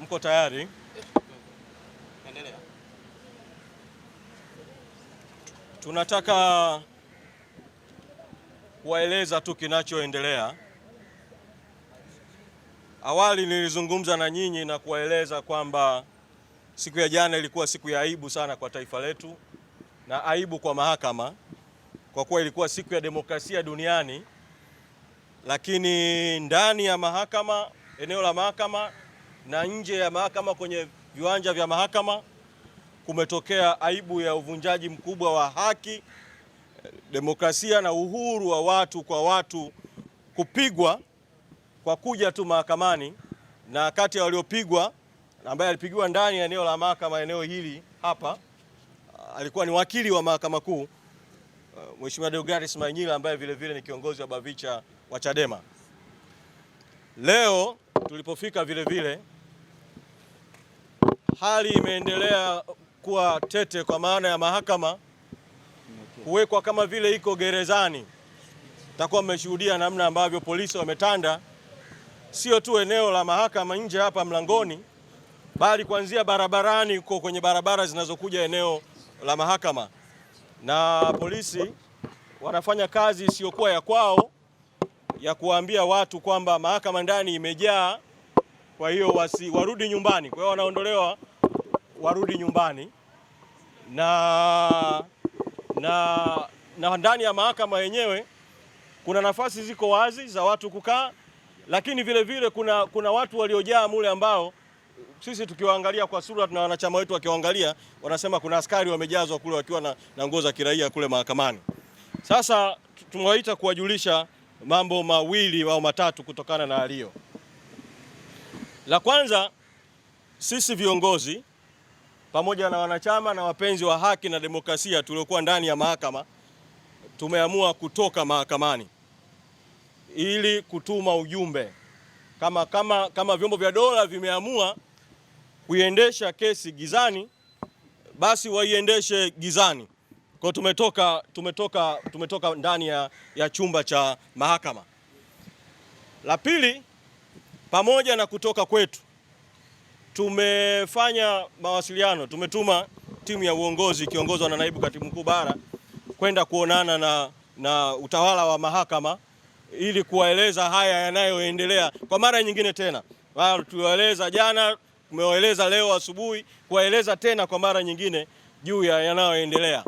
Mko tayari? Endelea. Tunataka kuwaeleza tu kinachoendelea. Awali nilizungumza na nyinyi na kuwaeleza kwamba siku ya jana ilikuwa siku ya aibu sana kwa taifa letu na aibu kwa mahakama, kwa kuwa ilikuwa siku ya demokrasia duniani, lakini ndani ya mahakama, eneo la mahakama na nje ya mahakama kwenye viwanja vya mahakama kumetokea aibu ya uvunjaji mkubwa wa haki, demokrasia na uhuru wa watu kwa watu kupigwa kwa kuja tu mahakamani, na kati ya waliopigwa ambaye alipigiwa ndani ya eneo la mahakama eneo hili hapa alikuwa ni wakili wa mahakama kuu Mheshimiwa Deogratis Mainyila ambaye vilevile ni kiongozi wa BAVICHA wa Chadema leo Tulipofika vile vile hali imeendelea kuwa tete kwa maana ya mahakama kuwekwa kama vile iko gerezani. Takuwa mmeshuhudia namna ambavyo polisi wametanda sio tu eneo la mahakama nje hapa mlangoni, bali kuanzia barabarani huko kwenye barabara zinazokuja eneo la mahakama, na polisi wanafanya kazi isiyokuwa ya kwao ya kuwaambia watu kwamba mahakama ndani imejaa, kwa hiyo wasi warudi nyumbani. Kwa hiyo wanaondolewa, warudi nyumbani na, na, na ndani ya mahakama yenyewe kuna nafasi ziko wazi za watu kukaa, lakini vile vile kuna, kuna watu waliojaa mule ambao sisi tukiwaangalia kwa sura na wanachama wetu wakiwaangalia wanasema kuna askari wamejazwa kule wakiwa na, na nguo za kiraia kule mahakamani. Sasa tumewaita kuwajulisha mambo mawili au matatu kutokana na alio. La kwanza, sisi viongozi pamoja na wanachama na wapenzi wa haki na demokrasia tuliokuwa ndani ya mahakama tumeamua kutoka mahakamani ili kutuma ujumbe kama, kama, kama vyombo vya dola vimeamua kuiendesha kesi gizani, basi waiendeshe gizani. Kwa tumetoka, tumetoka, tumetoka ndani ya, ya chumba cha mahakama. La pili, pamoja na kutoka kwetu tumefanya mawasiliano, tumetuma timu ya uongozi ikiongozwa na naibu katibu mkuu bara kwenda kuonana na, na utawala wa mahakama ili kuwaeleza haya yanayoendelea kwa mara nyingine tena. Tuliwaeleza jana, tumewaeleza leo asubuhi, kuwaeleza tena kwa mara nyingine juu ya yanayoendelea.